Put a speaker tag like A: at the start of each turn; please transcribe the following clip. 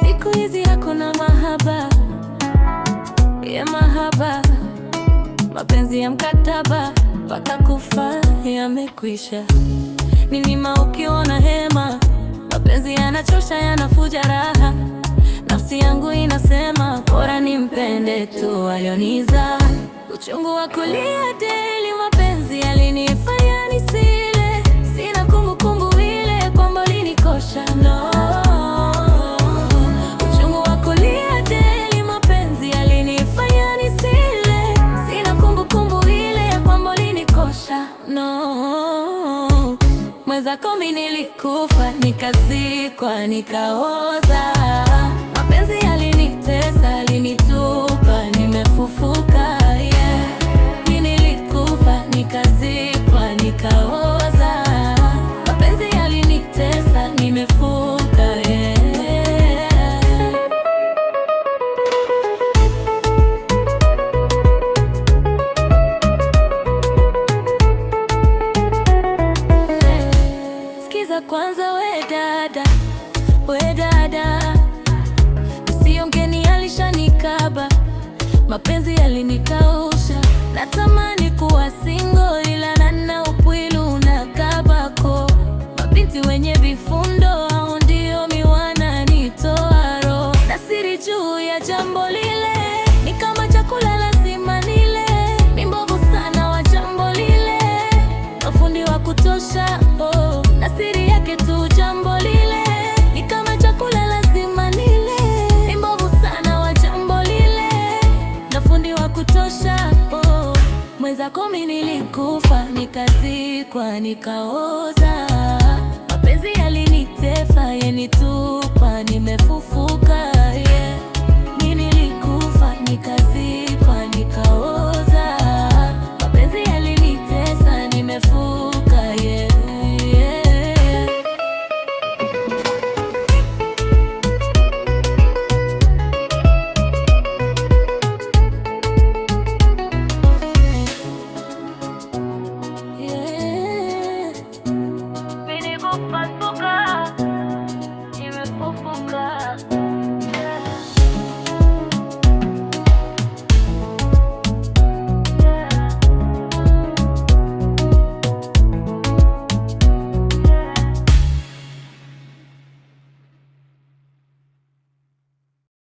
A: Siku hizi hakuna mahaba ya mahaba, mapenzi ya mkataba mpaka kufa yamekwisha. Ni nima ukiona hema, mapenzi yanachosha, yanafuja raha. Nafsi yangu inasema bora nimpende tu alionizaa, uchungu wa kulia daily mwenzako mimi nilikufa nikazikwa nikaoza dada, we dada, sio mgeni alishanikaba, mapenzi yalinikausha, natamani kuwa single ila nana mweza kumi nilikufa, nikazikwa, nikaoza